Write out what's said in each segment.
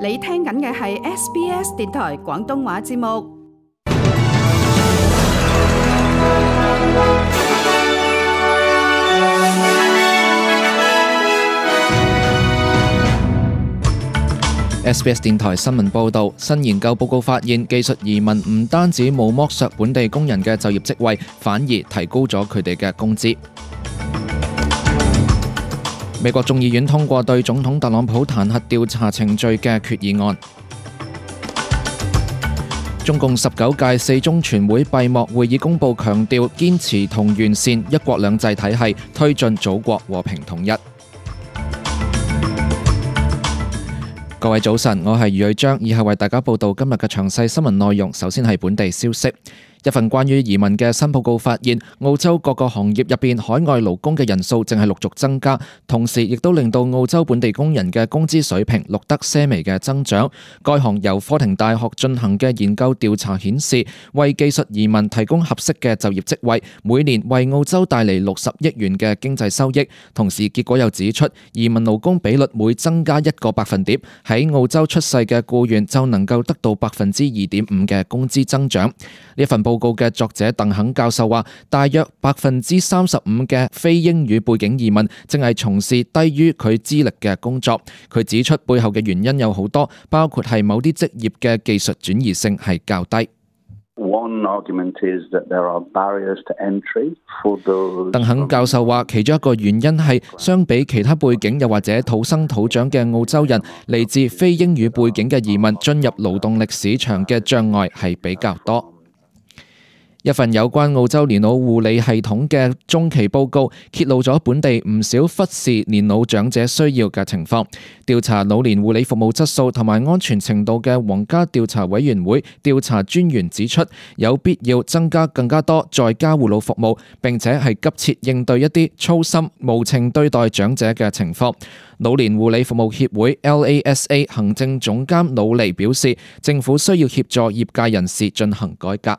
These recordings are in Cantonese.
你聽緊嘅係 SBS 電台廣東話節目。SBS 電台新聞報道：新研究報告發現，技術移民唔單止冇剝削本地工人嘅就業職位，反而提高咗佢哋嘅工資。美國眾議院通過對總統特朗普彈劾調查程序嘅決議案。中共十九屆四中全會閉幕會議公布強調，堅持同完善一國兩制體系，推進祖國和平統一。 各位早晨，我係余瑞章，以下為大家報道今日嘅詳細新聞內容。首先係本地消息。一份關於移民的新報告發現，澳洲各個行業入面海外勞工的人數正係陸續增加，同時亦都令到澳洲本地工人的工資水平錄得些微的增長。該行由科廷大學進行的研究調查顯示，為技術移民提供合適的就業職位，每年為澳洲帶來六十億元的經濟收益。同時結果又指出，移民勞工比率每增加一個百分點，喺澳洲出世的僱員就能夠得到百分之二點五的工資增長。呢份報報告嘅作者鄧肯教授話，大約百分之三十五嘅非英語背景移民正係從事低於佢資歷嘅工作。佢指出背後嘅原因有好多，包括係某啲職業嘅技術轉移性係較低。鄧肯教授話，其中一個原因係相比其他背景又或者土生土長嘅澳洲人，嚟自非英語背景嘅移民進入勞動力市場嘅障礙係比較多。一份有關澳洲年老護理系統嘅中期報告揭露咗本地唔少忽視年老長者需要嘅情況。調查老年護理服務質素同埋安全程度嘅皇家調查委員會調查專員指出，有必要增加更加多在家護老服務，並且係急切應對一啲粗心無情對待長者嘅情況。老年護理服務協會 （LASA） 行政總監努尼表示，政府需要協助業界人士進行改革。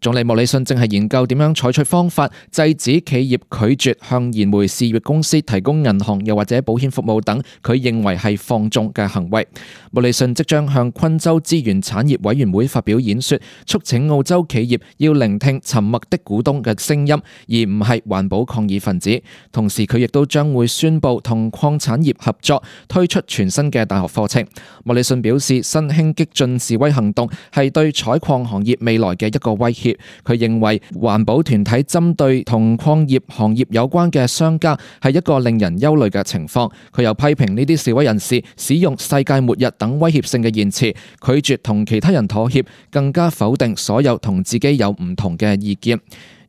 總理莫里遜正係研究點樣採取方法制止企業拒絕向燃煤事業公司提供銀行又或者保險服務等，佢認為係放縱嘅行為。莫里遜即將向昆州資源產業委員會發表演說，促請澳洲企業要聆聽沉默的股東嘅聲音，而唔係環保抗議分子。同時，佢亦都將會宣布同礦產業合作推出全新嘅大學課程。莫里遜表示，新興激進示威行動係對採礦行業未來嘅一個威脅。佢認為環保團體針對同礦業行業有關嘅商家係一個令人憂慮嘅情況。佢又批評呢啲示威人士使用世界末日等威脅性嘅言辭，拒絕同其他人妥協，更加否定所有同自己有唔同嘅意見。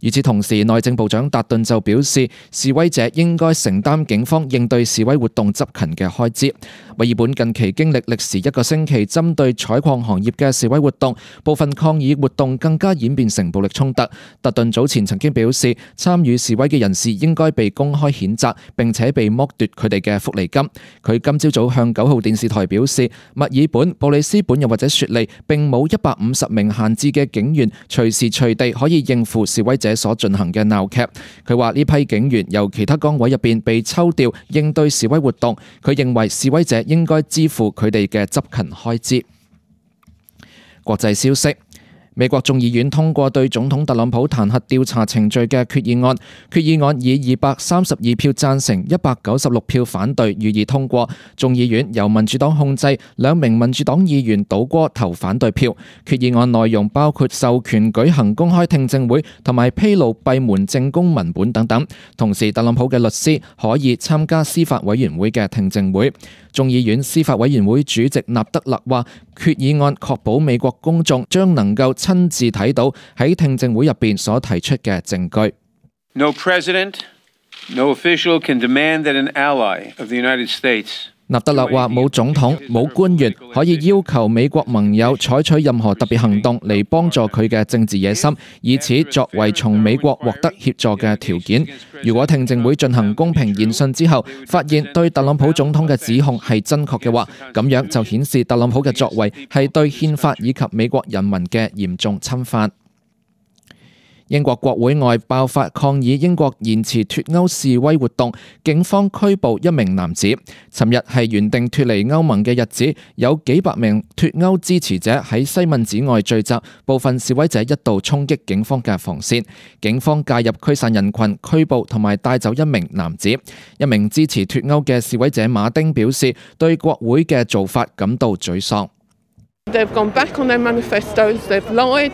與此同時，內政部長所進行嘅鬧劇，佢話呢批警員由其他崗位入邊被抽調應對示威活動，佢認為示威者應該支付佢哋嘅執勤開支。國際消息。美國眾議院通過對總統特朗普彈劾調查程序嘅決議案，決議案以二百三十二票贊成、一百九十六票反對，予以通過。眾議院由民主黨控制，兩名民主黨議員倒戈投反對票。決議案內容包括授權舉行公開聽證會，同埋披露閉門證供文本等等。同時，特朗普嘅律師可以參加司法委員會嘅聽證會。眾議院司法委員會主席納德勒話：決議案確保美國公眾將能夠親自睇到喺聽證會入邊所提出嘅證據。No president, no official can demand that an ally of the United States. 納德勒話冇總統，冇官員，可以要求美國盟友採取任何特別行動嚟幫助佢嘅政治野心，以此作為從美國獲得協助嘅條件。如果聽證會進行公平言訊之後，發現對特朗普總統嘅指控係真確嘅話，咁樣就顯示特朗普嘅作為係對憲法以及美國人民嘅嚴重侵犯。英國國會外爆發抗議英國延遲脫歐示威活動，警方拘捕一名男子。尋日係原定脫離歐盟嘅日子，有幾百名脫歐支持者喺西敏寺外聚集，部分示威者一度衝擊警方嘅防線，警方介入驅散人群，拘捕同埋帶走一名男子。一名支持脫歐嘅示威者馬丁表示，對國會嘅做法感到沮喪。They've gone back on their manifestos. They've lied.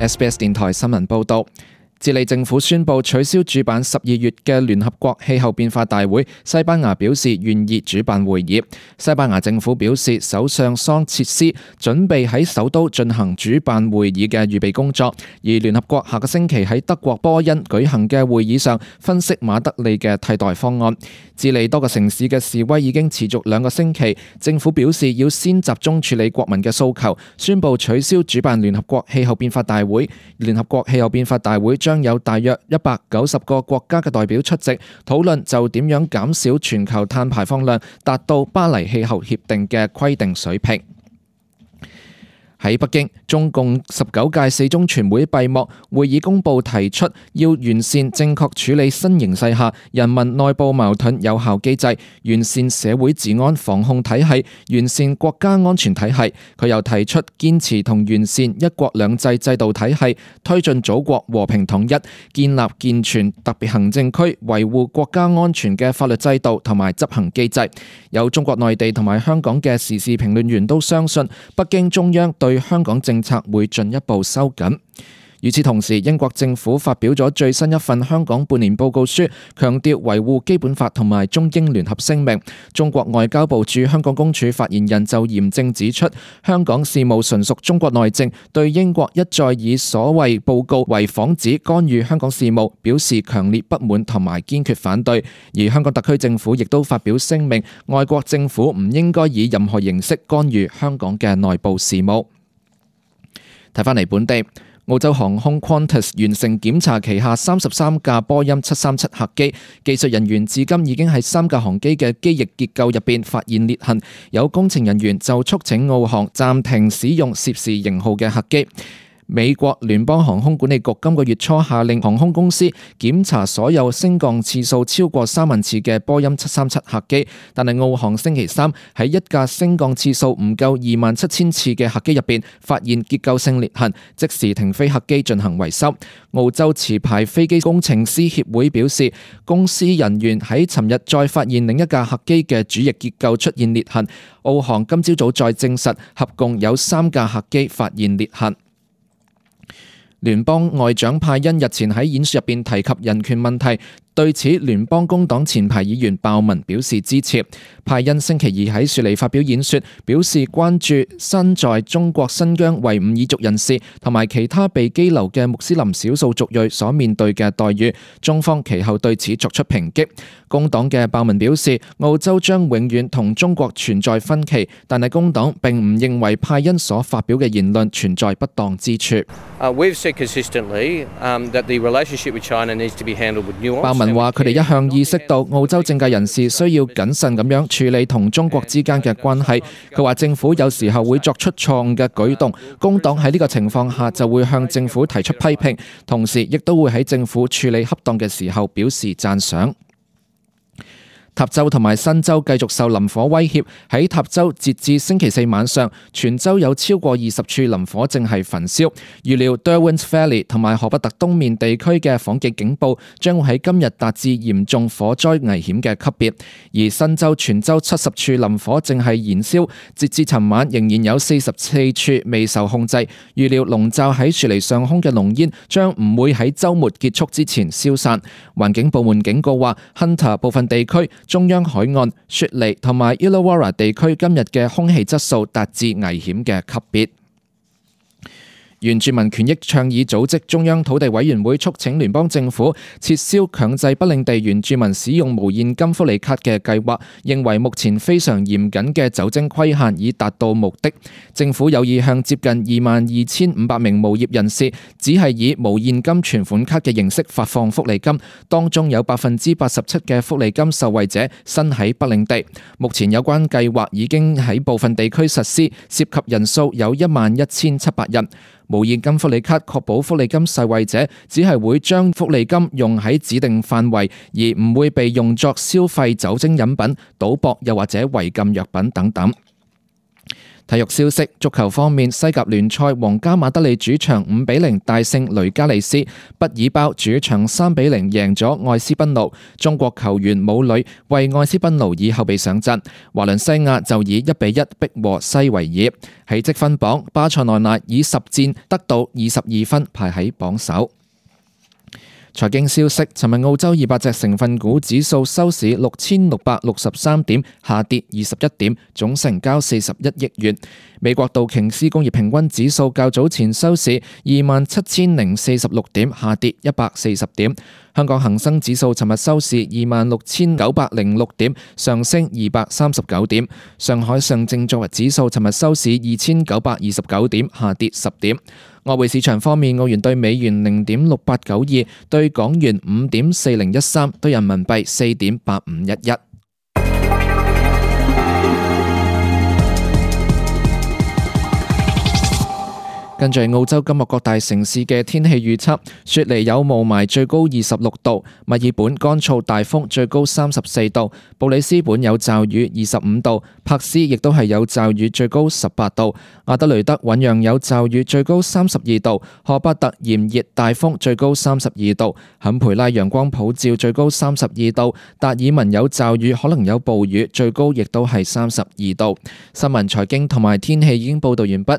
SBS 電台新聞報道。智利政府宣布取消主辦十二月嘅聯合國氣候變化大會。西班牙表示願意主辦會議。西班牙政府表示，首相桑切斯準備喺首都進行主辦會議嘅預備工作。而聯合國下個星期喺德國波恩舉行嘅會議上，分析馬德里嘅替代方案。智利多個城市嘅示威已經持續兩個星期，政府表示要先集中處理國民嘅訴求，宣布取消主辦聯合國氣候變化大會。聯合國氣候變化大會，將有大約一百九十個國家嘅代表出席討論就點樣減少全球碳排放量，達到巴黎氣候協定嘅規定水平。喺北京，中共十九屆四中全會閉幕會議公布提出，要完善正確處理新形勢下人民內部矛盾有效機制，完善社會治安防控體系，完善國家安全體系。佢又提出堅持同完善一國兩制制度體系，推進祖國和平統一，建立健全特別行政區維護國家安全嘅法律制度同埋執行機制。有中國內地同埋香港嘅時事評論員都相信，北京中央。對香港政策會進一步收緊。與此同時，英國政府發表咗最新一份香港半年報告書，強調維護基本法同埋中英聯合聲明。中國外交部駐香港公署發言人就嚴正指出，香港事務純屬中國內政，對英國一再以所謂報告為幌子干預香港事務，表示強烈不滿同埋堅決反對。而香港特區政府亦都發表聲明，外國政府唔應該以任何形式干預香港嘅內部事務。睇返嚟本地，澳洲航空 Qantas 完成檢查旗下三十三架波音七三七客機，技術人員至今已經喺三架航機嘅機翼結構入邊發現裂痕，有工程人員就促請澳航暫停使用涉事型號嘅客機。美國聯邦航空管理局今個月初下令航空公司檢查所有升降次數超過三萬次嘅波音七三七客機，但係澳航星期三喺一架升降次數唔夠二萬七千次嘅客機入邊發現結構性裂痕，即時停飛客機進行維修。澳洲持牌飛機工程師協會表示，公司人員喺尋日再發現另一架客機嘅主翼結構出現裂痕。澳航今朝早再證實，合共有三架客機發現裂痕。聯邦外長派恩日前喺演說入邊提及人權問題。對此，聯邦工黨前排議員鮑文表示支持。派恩星期二喺雪梨發表演說，表示關注身在中國新疆維吾爾族人士同埋其他被拘留嘅穆斯林少數族裔所面對嘅待遇。中方其後對此作出抨擊。工黨嘅鮑文表示，澳洲將永遠同中國存在分歧，但係工黨並唔認為派恩所發表嘅言論存在不當之處。鮑文話佢哋一向意識到澳洲政界人士需要謹慎咁樣處理同中國之間嘅關係。佢話政府有時候會作出錯誤嘅舉動，工黨喺呢個情況下就會向政府提出批評，同時亦都會喺政府處理恰當嘅時候表示讚賞。塔州同埋新州繼續受林火威脅，喺塔州截至星期四晚上，全州有超過二十處林火正係焚燒。預料 Derwent Valley 同埋荷伯特東面地區嘅防極警報將會喺今日達至嚴重火災危險嘅級別。而新州全州七十處林火正係燃燒，截至尋晚仍然有四十四處未受控制。預料籠罩喺樹林上空嘅濃煙將唔會喺周末結束之前消散。環境部門警告話，Hunter 部分地區。中央海岸、雪梨同埋 Illawarra 地區今日嘅空氣質素達至危險嘅級別。原住民權益倡議組織中央土地委員會促請聯邦政府撤銷強制北領地原住民使用無現金福利卡嘅計劃，認為目前非常嚴謹嘅酒精規限已達到目的。政府有意向接近二萬二千五百名無業人士，只係以無現金存款卡嘅形式發放福利金，當中有百分之八十七嘅福利金受惠者身喺北領地。目前有關計劃已經喺部分地區實施，涉及人數有一萬一千七百人。無現金福利卡確保福利金受惠者只係會將福利金用喺指定範圍，而唔會被用作消費酒精飲品、賭博又或者違禁藥品等等。體育消息：足球方面，西甲聯賽皇家馬德里主場五比零大勝雷加利斯，畢爾包主場三比零贏咗愛斯賓奴。中國球員武磊為愛斯賓奴以後備上陣，華倫西亞就以一比一逼和西維爾。喺積分榜，巴塞羅那以十戰得到二十二分排喺榜首。財經消息，尋日澳洲二百隻成分股指數收市六千六百六十三點，下跌二十一點，總成交四十一億元。美國道瓊斯工業平均指數較早前收市二萬七千零四十六點，下跌一百四十點。香港恒生指數尋日收市二萬六千九百零六點，上升二百三十九點。上海上證綜合指數尋日收市二千九百二十九點，下跌十點。外匯市場方面，澳元對美元零點六八九二，對港元五點四零一三，對人民幣四點八五一一。根據澳洲今日各大城市嘅天氣預測，雪梨有霧霾，最高二十六度；墨爾本乾燥大風，最高三十四度；布里斯本有驟雨，二十五度；珀斯亦都係有驟雨，最高十八度；阿德雷德溫陽有驟雨，最高三十二度；荷伯特炎熱大風，最高三十二度；肯培拉陽光普照，最高三十二度；達爾文有驟雨，可能有暴雨，最高亦都係三十二度。新聞、財經同埋天氣已經報道完畢。